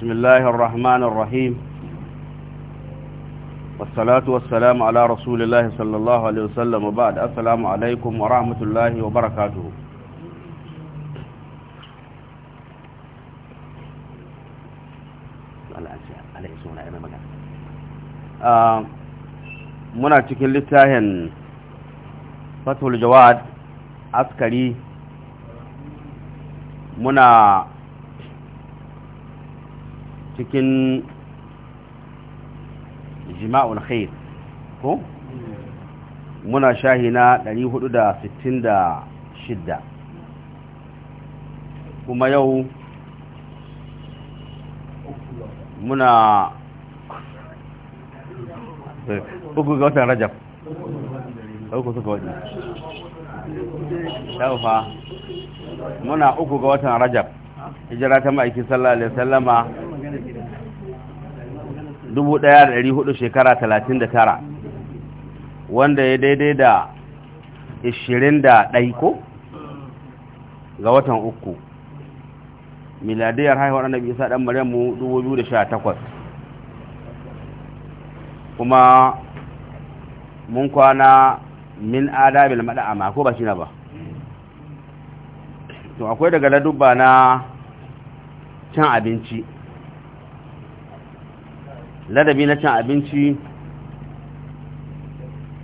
بسم الله الرحمن الرحيم والصلاة والسلام على رسول الله صلى الله عليه وسلم وبعد السلام عليكم ورحمة الله وبركاته muna cikin littafin fatul jawad askari muna cikin jima'ul khair ko muna shahi na 466 kuma yau muna uku ga watan rajab uku suka waɗi muna uku ga watan rajab hijira ta ma'aikin sallallahu alaihi wasallama 1400 shekara 39 wanda ya daidai da 21 ko ga watan uku miladiyar haihuwar annabi isa dan maryamu 2018 kuma mun kwana min adabil mada'ama ko ba shi na ba to akwai daga ladubba na can abinci ladabi na cin abinci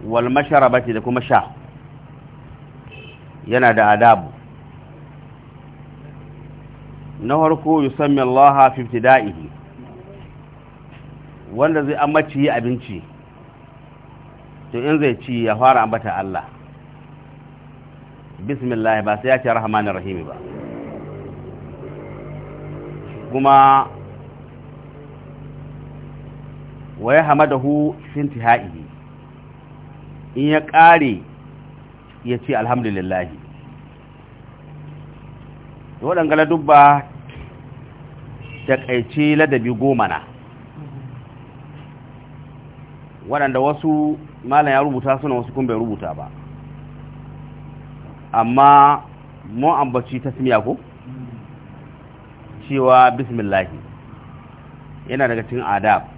wal masharabati da kuma sha yana da adabu na harko yusammi Allah fi ibtida'ihi wanda zai ammaci yi abinci to in zai ci ya fara ambata Allah bismillah ba sai ya ce rahmanir rahim ba kuma wa ya sinti ha’ihi in ya ƙare ya ce alhamdulillah waɗanga ladubba taƙaice ladabi goma na waɗanda wasu malam ya rubuta suna wasu kun bai rubuta ba amma mun ambaci ta tasmiya ko cewa bismillahi yana daga cikin adab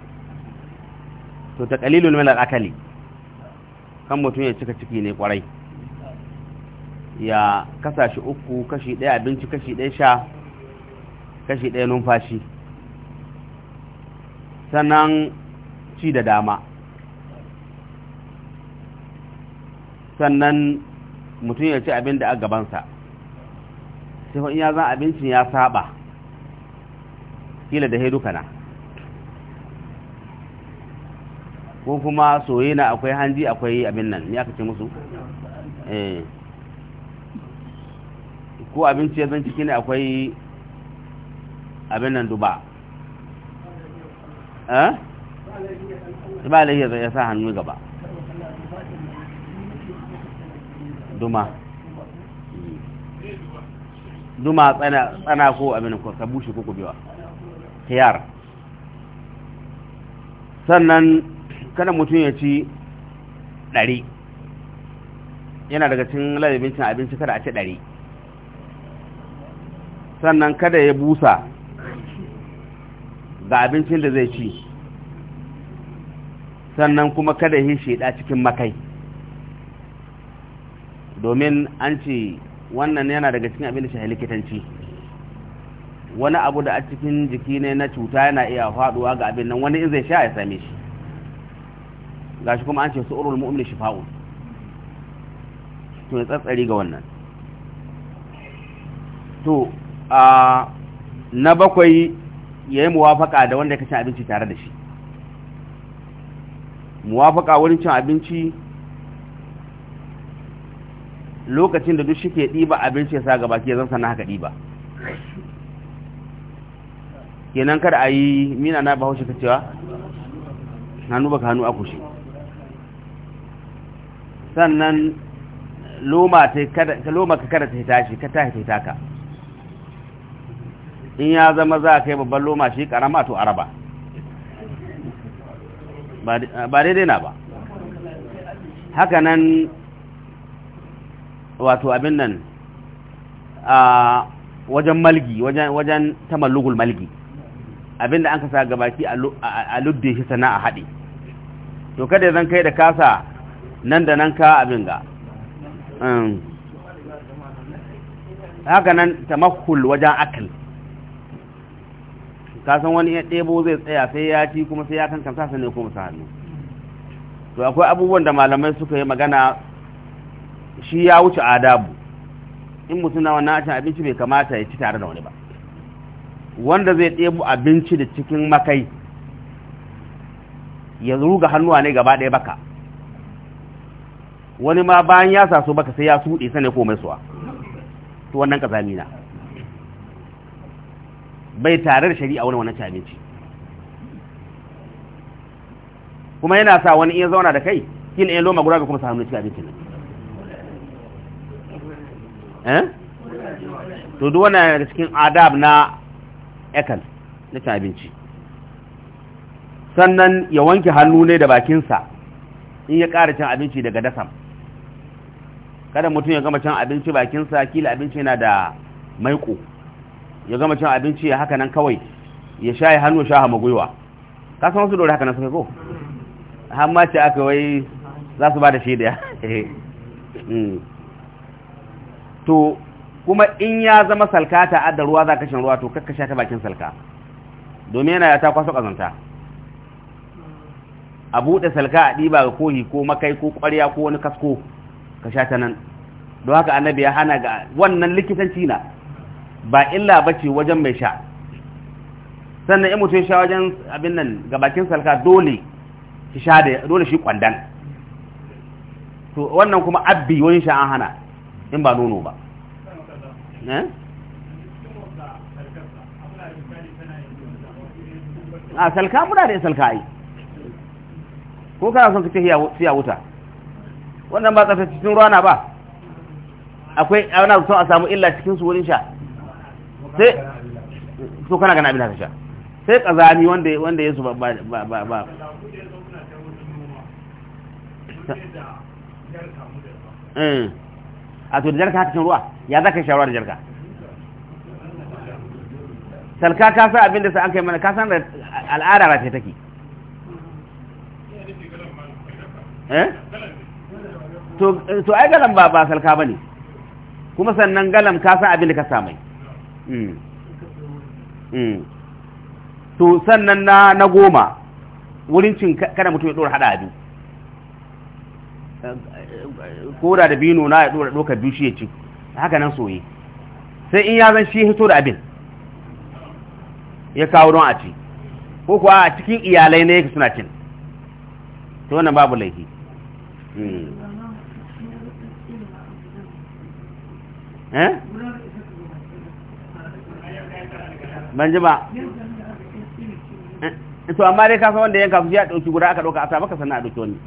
to ta kalilun min al-akali kan mutum ya cika ciki ne kwarai ya kasa shi uku kashi ɗaya abinci kashi ɗaya sha kashi ɗaya numfashi sannan ci da dama sannan mutum ya ci abin da a gabansa sai in ya zan abincin ya saba kila da haidu kana. ko kuma soye na akwai hanji akwai abin nan ya ce musu eh ko abinci zan ciki ne akwai abin nan duba eh ba lahiya ya sa hannu gaba duma duma tsana ko abin ka bushe ko kubewa khiyar sannan kada mutum ya ci ɗari yana daga cin ladabin cin abinci kada a ci ɗari sannan kada ya busa ga abincin da zai ci sannan kuma kada ya sheda cikin makai domin an ce wannan yana daga cikin abin da shahi likitanci wani abu da a cikin jiki ne na cuta yana iya faduwa ga abin nan wani in zai sha ya same shi gashi kuma an ce su'urul mu'min shifa'un to ya tsatsari ga wannan to a na bakwai ya yi muwafaka da wanda ya cin abinci tare da shi muwafaka wurin cin abinci lokacin da duk shi ke ɗiba abinci ya sa gaba ke zan sana haka ɗiba kenan kada a yi mina na bahaushe ta cewa hannu baka hannu a sannan loma ka kada ta hita shi ka ta hita ka in ya zama za ka yi babban loma shi karama to araba ba daidai na ba haka nan wato abin nan a wajen malgi wajen ta tamallugul malgi abin da an kasa gabaki a ludde shi sana'a haɗe to kada zan kai da kasa nan da nan ka abin ga mm. haka nan tamakul wajen akal kasan wani ya ɗebo zai tsaya sai ya ci kuma sai ya kankan sasa ne kuma hannu to akwai abubuwan da malamai suka yi magana shi ya wuce adabu in mutum na wannan cin abinci bai kamata ya ci tare da wani ba wanda zai ɗebo abinci da cikin makai ya ga hannuwa ne gaba ɗaya baka wani ma bayan ya saso baka sai ya suɗe sanai komai suwa to wannan kazami na bai tare da shari'a wani wani abinci kuma yana sa wani iya zauna da kai kina ya loma guda ga kuma samu cikin abincin nan eh to duk wannan yana cikin adab na ekal na cin abinci sannan ya wanke hannu ne da bakinsa in ya ƙara cin abinci daga dasam kada mutum ya gama cin abinci bakinsa kila abinci yana da maiƙo ya gama cin abinci ya haka nan kawai ya sha ya hannu sha hama gwiwa ka san wasu dole haka nan suka ko amma ce aka wai za su ba da shi da hmm. to kuma in ya zama salkata adda ruwa za ka shan ruwa to kakka sha ta bakin salka domin yana ya ta kwaso kazanta a buɗe salka a ɗiba ga kohi ko makai ko ƙwarya ko wani kasko ka sha ta nan don haka annabi ya hana ga wannan likitanci na ba illa ba ce wajen mai sha sannan in mutum sha wajen abin nan ga bakin salka dole shi sha da dole shi kwandan to wannan kuma abbi wani sha an hana in ba nono ba eh? a salka muna da salka ai ko kana son ka siya wuta wannan ba tsafta cikin ruwa na ba akwai ana son a samu illa cikin su wurin sha sai so kana gana abin da sha sai kazami wanda wanda yasu ba ba ba ba eh. a to da jarka cikin ruwa ya za ka shawarwa da jarka salka ka sa abin da sa an kai mana ka san da al'ada ba ta take eh to ai galam ba ba salka bane kuma sannan galam ka san abin da ka samai hmm. Hmm. to sannan na na goma wurin cin kada mutum ya dora hada abin kora da bino na ya dora doka biyu shi ya ci haka nan soye sai in ya zan shi hito da abin ya kawo don a ci ko kuwa a cikin iyalai ne yake suna cin to wannan babu laifi hmm. eh ban ji ba eh, to amma dai kasa wanda yanka su ya dauki guda aka ɗauka a baka sannan a dauki wani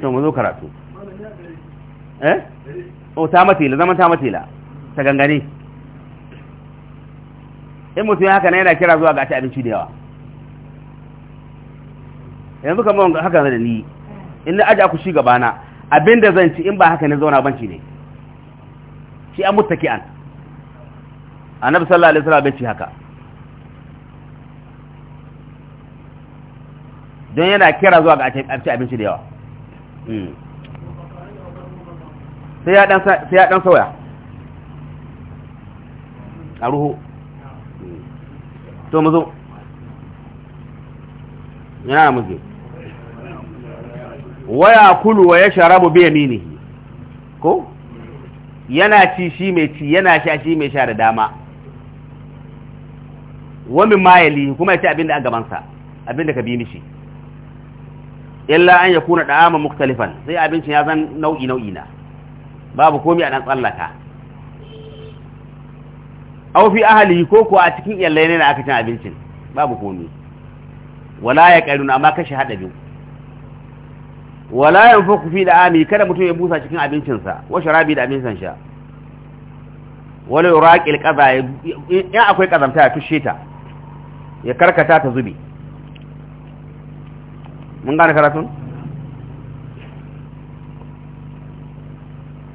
to mu zo karatu eh o oh, ta matila zaman ta matila ta gangane in mutum ya haka na yana kira zuwa ga ci abinci da yawa yanzu kamar haka da ni in na aji aku shi gabana abinda zan ci in ba haka ne zauna banci ne shi an an annabi sallallahu alaihi wasallam bai ci haka don yana kira zuwa ga abinci abinci da yawa hmm. sai ya dan sauya a ruhu to mu zo yana muke waya kulu wa ya sharabu biya mini ko yana ci shi mai ci yana sha shi mai sha da dama wani mayali kuma ya ci abin da an gabansa abin da ka bi mishi illa an ya kuna da'ama muktalifan sai abincin ya zan nau'i nau'i na babu komi a dan tsallaka aw fi ahli ko kuwa a cikin iyalai ne na aka cin abincin babu komi wala ya qaruna amma kashi hada biyu wala fuku fi ami kada mutum ya busa cikin abincinsa wa sharabi da abincin sha wala yuraqil qaza in akwai ƙazamta ya tushe ta ya karkata ta zubi mun gane karatun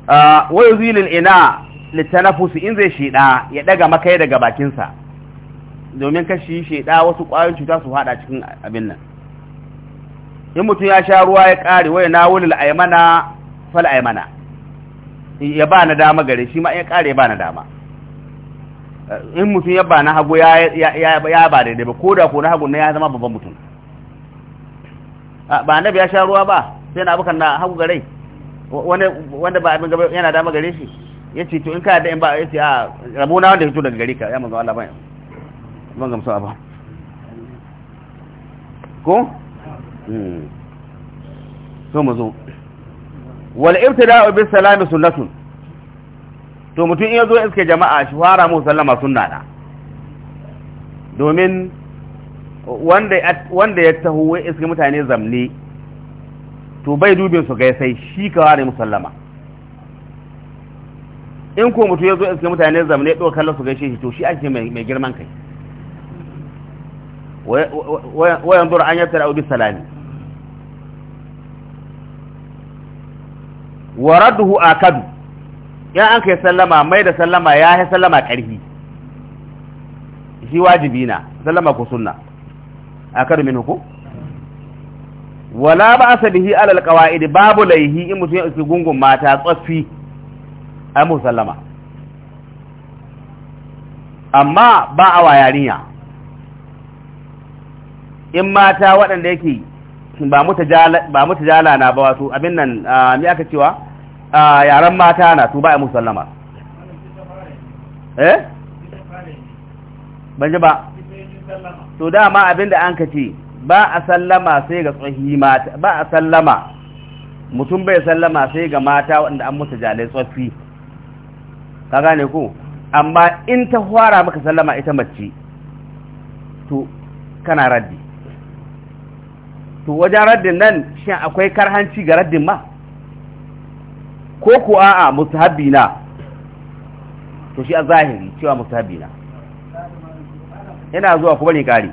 ah, wa zilin ina litanafusi in zai shida ya daga makai daga bakinsa domin kashi shida wasu kwayoyin cuta su hada cikin abin nan in mutum ya sha ruwa ya ƙare waya na wulil aymana fal aymana ya ba na dama gare shi ma ya ƙare ya ba na dama in mutum ya ba na hagu ya ba daidai ba ko da ko na hagu na ya zama babban mutum ba annabi ya sha ruwa ba sai na abukan na hagu gare wanda ba abin gaba yana dama gare shi ya ce to in ka da in ba ya ce a rabu na wanda ya fito daga gare ka ya manzo Allah ban ban gamsu ba ko so hmm. mu zo wal ibtida'u bis salami sunnatun to mutum in yazo iske jama'a shi fara mu sallama sunna da domin wanda wanda ya taho wai iske mutane zamne to bai dubin su gaisai shi ka ware musallama in ko mutum ya zo iske mutane zamne ya kallon su gaishe shi to shi ake mai girman kai wayan zura an yabtar abu salami wa radduhu akadu ya an kai sallama mai da sallama ya yi sallama ƙarfi shi wajibi na sallama ku sunna akadu min hukum wala ba asa bihi alal qawaid babu laihi in mutum ya uki gungun mata tsaffi ai mu sallama amma ba a wa yarinya in mata waɗanda yake ba mutu jala na ba wasu abin nan mi aka cewa yaren mata na su ba a musallama eh ban ji ba to dama abin da an ka ce ba a sallama sai ga tsohi mata ba a sallama mutum bai sallama sai ga mata wanda an mutu jalai tsofi ka gane ko amma in ta fara maka sallama ita mace to kana raddi to wajen raddin nan shi akwai karhanci ga raddin ma ko ku a'a musu na to shi a zahiri cewa musu na ina zuwa kuma ne kare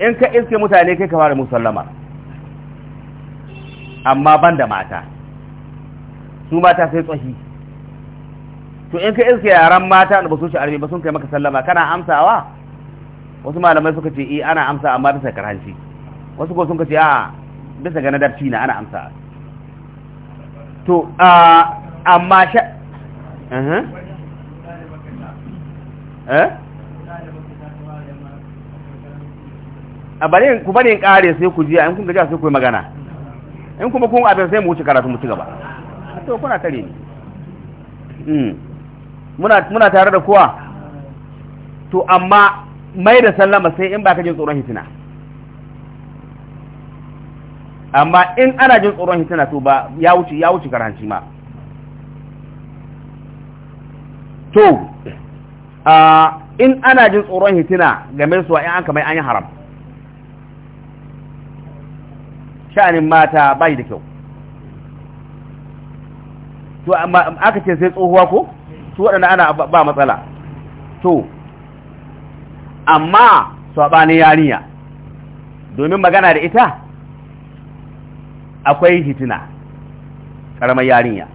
in ka iske mutane kai kamar musallama amma ban da mata su mata sai tsohi to in ka iske yaran mata da ba su shi arbi ba sun kai maka sallama kana amsawa wasu malamai suka ce eh ana amsa amma bisa karhanci wasu ko sun ce a bisa ga nadarci na ana amsa to amma sha uh-huh. eh? a bari ku bari in kare sai ku ji in kun gaji sai ku yi magana in kuma kun abin sai mu wuce karatu mu ci gaba to kuna kare ni hmm. muna muna tare da kowa to amma mai da sallama sai in ba ka jin tsoron hitina amma in ana jin tsoron hitina to ba ya wuce ya wuce karanci ma to a in ana jin tsoron hitina game su in an kamar an yi haram sha'anin mata bai da kyau to amma aka ce sai tsohuwa ko su waɗanda ana ba matsala to amma saɓanin yarinya domin magana da ita akwai hitina ƙaramar yarinya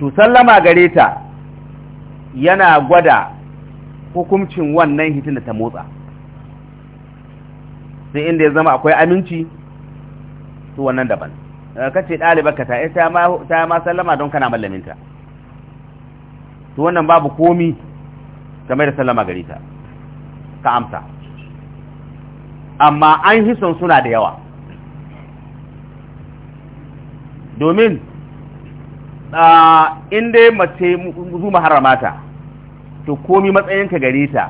to sallama gare ta yana gwada hukuncin wannan hitina ta motsa sai inda ya zama akwai aminci su wannan daban kace ɗalibarka ta eh, ta ma sallama don kana mallaminta to wannan babu komi game da sallama gari ta ka amsa amma an yi son suna da yawa domin in dai mace zu maharamata to komi matsayinka gari ta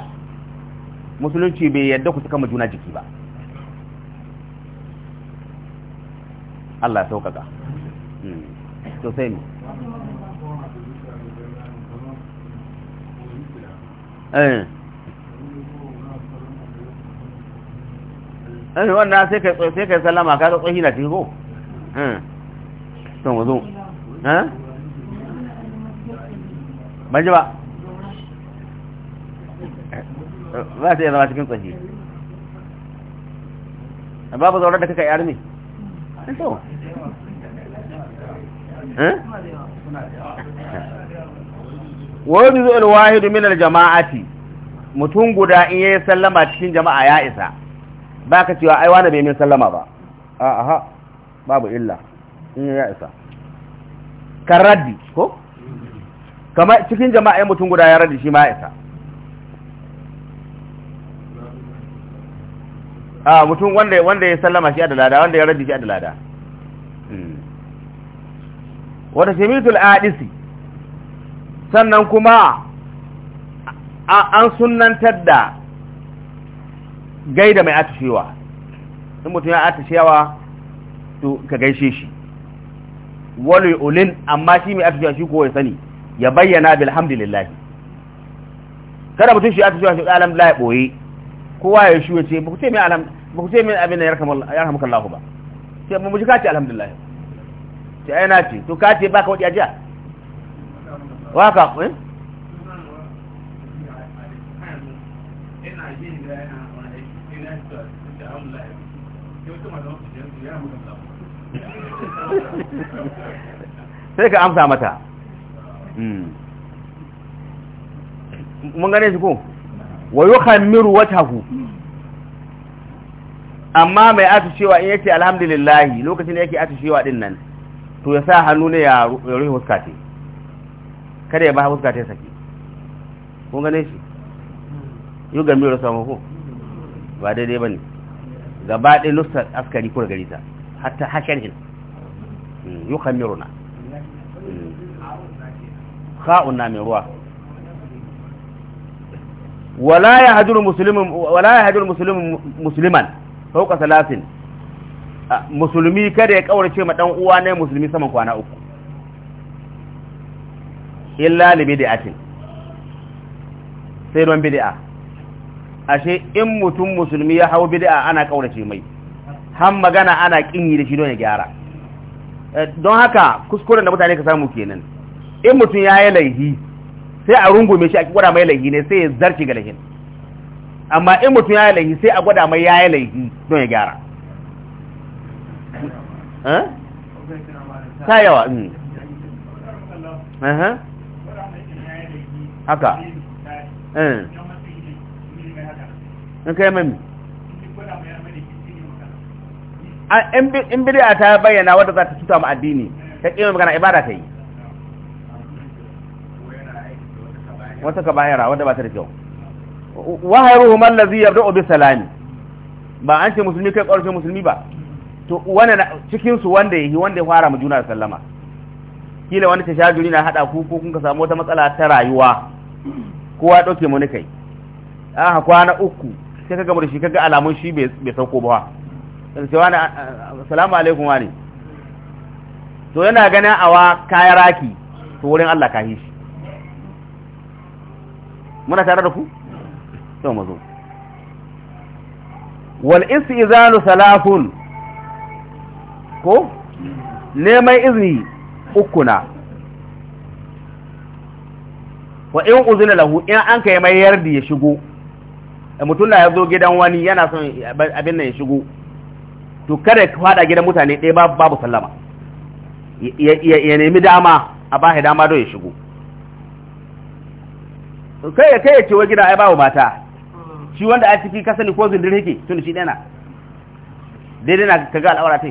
musulunci bai yadda ku suka juna jiki ba Allah ya sauƙaƙa sosai hmm. ne Eh. eh wannan sai kai sai kai sallama ka ga tsohi cikin ko eh wazo eh ji ba ba zama da kaka wani zuwan wahidu minar jama'ati mutum guda in ya sallama cikin jama'a ya isa ba ka cewa aiwa wani bai min sallama ba a aha babu illa in ya isa kan raddi ko kamar cikin jama'a ya mutum guda ya raddi shi ma ya isa a mutum wanda wanda ya sallama shi a da lada wanda ya raddi shi a da lada hmm. wata shemitul adisi sannan kuma an sunantar da gaida mai atashewa in mutum ya atashewa to ka gaishe shi wani ulin amma shi mai atashewa shi kowai ya sani ya bayyana bilhamdulillah kada mutum shi atashewa shi alhamdulillah ya boye kowa ya shi wace ba ku ce mai ba ce abin da ya rahamuka Allah ba sai mu ji ka ce alhamdulillah ce ai na ce to kace ba baka wadi ajiya waka eh sai ka amsa mata hmm. mun gane shi ko wa wata ku amma mai ake cewa in yake alhamdulillahi lokacin da yake ake cewa din nan to ya sa hannu ne ya rufe huska ce kada ya ba huska ta saki kun gane shi yi gami da samu ko ba daidai ba ne gaba ɗaya nusa askari ko da gari ta hatta hin hmm, yi runa hmm. ka'un na mai ruwa wala ya hajjuru musulman fauka salasin ah, musulmi kada ya ce ma ɗan uwa ne musulmi saman kwana uku illa li bid'atin sai don bid'a ashe in mutum musulmi ya hawo bid'a ana kaurace mai har magana ana yi da shi don ya gyara eh, don haka kuskuren da mutane ka samu kenan in mutum ya yi laihi sai a rungume shi a gwada mai laihi ne sai ya zarce ga laihin amma in mutum ya yi laihi sai a gwada mai ya yi laihi don ya gyara eh? ta yawa mm. eh, haka eh. in kai mai in bid'a ta bayyana wadda za ta tuta ma'addini ta kima magana ibada ta yi wata bayyana wadda ba ta da kyau ruhu man ladhi yabda'u bi salami ba an ce musulmi kai ƙarfin musulmi ba to wannan cikin su wanda yi wanda ya fara mu juna da sallama kila wani juri na hada ku ko kun ka samu wata matsala ta rayuwa kowa ɗauke mu kai an kwana uku sai ka murshi da shi kaga alamun shi bai sauko ba sai cewa na salamu alaikum wani to yana a awa kaya raki to wurin Allah ka shi muna tare da ku to mu zo wal istizanu salafun ko neman izini ukuna wa in uzina lahu in an kai mai yardi ya shigo mutum na ya zo gidan wani yana son abin nan ya shigo to kada ka fada gidan mutane ɗaya babu sallama ya nemi dama a ba dama don ya shigo kai ya kai ya ce wa gida ai babu mata shi wanda a ciki kasani ko zindir yake tun shi ɗana daidai na kaga al'aura ta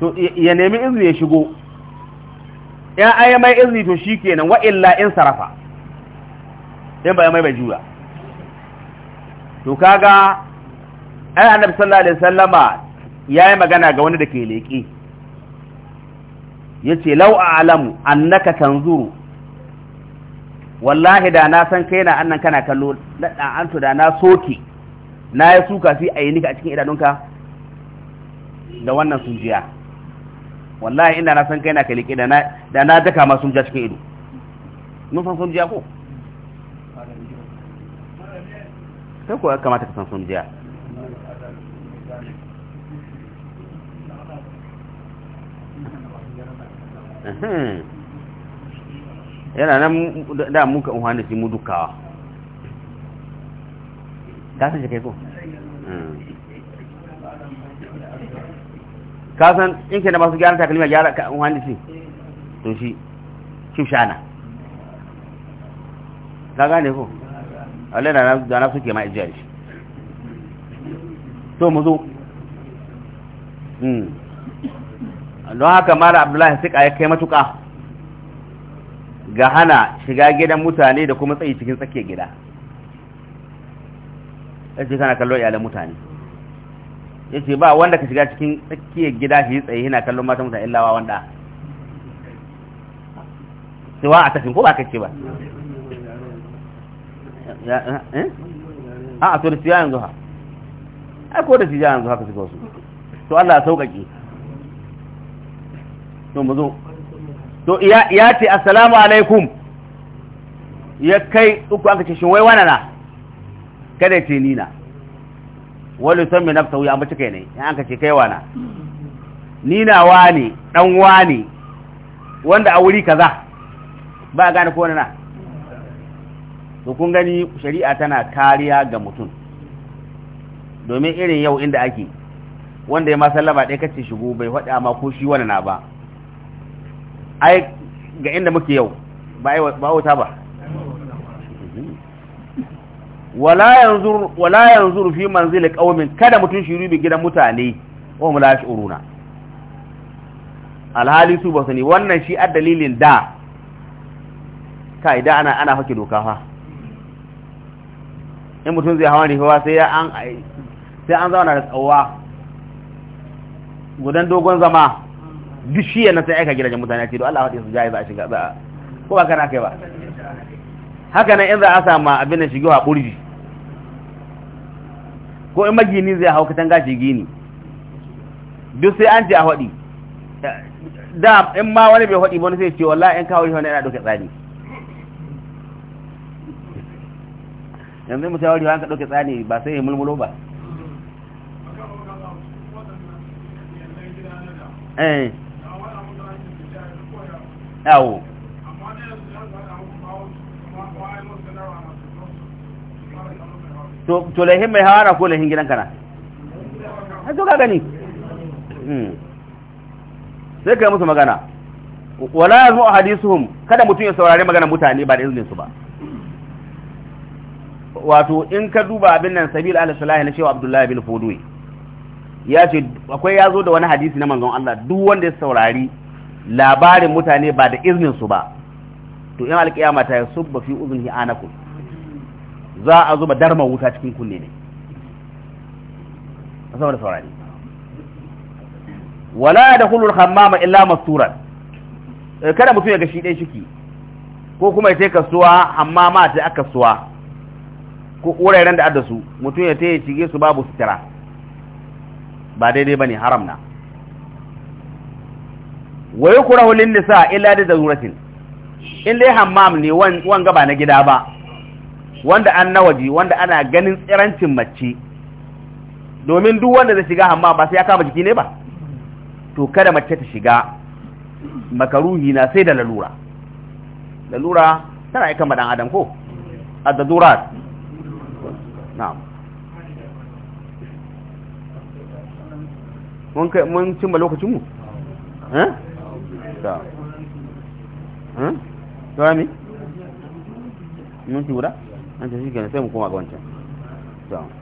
to ya nemi izini ya shigo in an yi mai izini to shi kenan wa illa in sarafa in ba mai bai juya to kaga ai annabi sallallahu alaihi wasallama yayi magana ga wani da ke leki yace law a'lamu annaka tanzuru wallahi da na san kaina annan kana kallo ladan da na soke na ya suka sai yi nika a cikin idanunka da wannan sujiya wallahi ina na san kai na kalike da na da na daka ma sun ja cikin ido mun san sun jiya ko sai ko ya kamata ka san sun jiya yana nan da mun ka shi mu dukawa ka san shi kai ko hmm. Kasan in ke da masu gyara takalma gyara ka an wani to shi shana ka gane ko Allah da da na suke ma ijiya shi to mu zo hmm. don haka mara abdullahi sika ya kai matuka ga hana shiga gidan mutane da kuma tsayi cikin tsakiyar gida ya ce kana kallon iyalan mutane ya ce ba wanda ka shiga cikin tsakiyar gida shi tsaye yana kallon mata mutane wa wanda wa a tafin ko ba ka ce ba a a eh? to da siya yanzu ha a ko da siya yanzu haka shiga wasu to Allah ya sauƙaƙe to mu zo to ya ce assalamu alaikum ya kai uku aka ce shi wai wanana na kada ce ni na wani son mai nafta wuya mace kai ne in an kace kai wana ni na wani dan wani wanda a wuri kaza ba a gane ko na to kun gani shari'a tana kariya ga mutum domin irin yau inda ake wanda ya ma sallama ɗaya kace shigo bai faɗi ma ko shi wani na ba ai ga inda muke yau ba wuta ba wala yanzu rufi yanzur fi manzil qaumin kada mutum shiru bi gidan mutane wa mula shi uruna alhali su ba sani wannan shi a dalilin da ka'ida da ana ana hake doka fa in mutum zai hawa rifawa sai an sai an zauna da tsawa gudan dogon zama duk shi yana sai aika gidajen mutane ce don Allah su jaye za a shiga za a ko ba kana kai ba haka nan in za a sama abin da shigo a ɓurji ko in magini zai hau katanga shi gini duk sai an ce a haɗi da in ma wani bai haɗi wani sai ce wallahi in kawo shi wani yana ɗauke tsani yanzu mu tawari ka ɗauke tsani ba sai ya mulmulo ba eh to lahin mai hawa na ko lahin gidan kana a to gani hmm. sai kai musu magana wala a hadisuhun kada mutum ya saurari magana mutane ba da izinin su ba wato in ka duba abin nan sabila al-salahi na shewa abdullahi bin fudui ya ce akwai ya zo da wani hadisi na manzon Allah duk wanda ya saurari labarin mutane ba da izinin su ba to in alkiyama ta subba fi uzunhi anakum za a zuba darma wuta cikin kunne ne saboda saurari wala da kullul hammama illa masturan eh, kada mutum ya ga shi ɗaya shiki ko kuma ya ce kasuwa amma ma ta aka suwa ko wuraren da adda su mutum ya ta ya cige su babu sutura ba daidai bane haram na wa yukrahu lin nisa illa da zuratin in dai hammam ne wan gaba na gida ba wanda an nawaji wanda ana ganin tsirancin mace domin duk wanda zai shiga hamma ba sai ya kama jiki ne ba to kada mace ta shiga makaruhi na sai da lalura lalura tana aikan madan adam ko ad na'am mun kai mun cimma lokacin mu eh ta eh to ami mun ci wura an ta shi kenan sai mu koma ga wancan